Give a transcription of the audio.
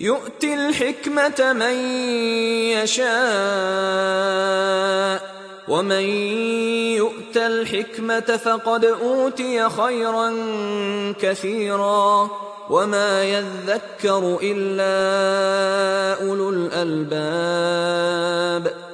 يؤتي الحكمة من يشاء ومن يؤت الحكمة فقد أوتي خيرا كثيرا وما يذكر إلا أولو الألباب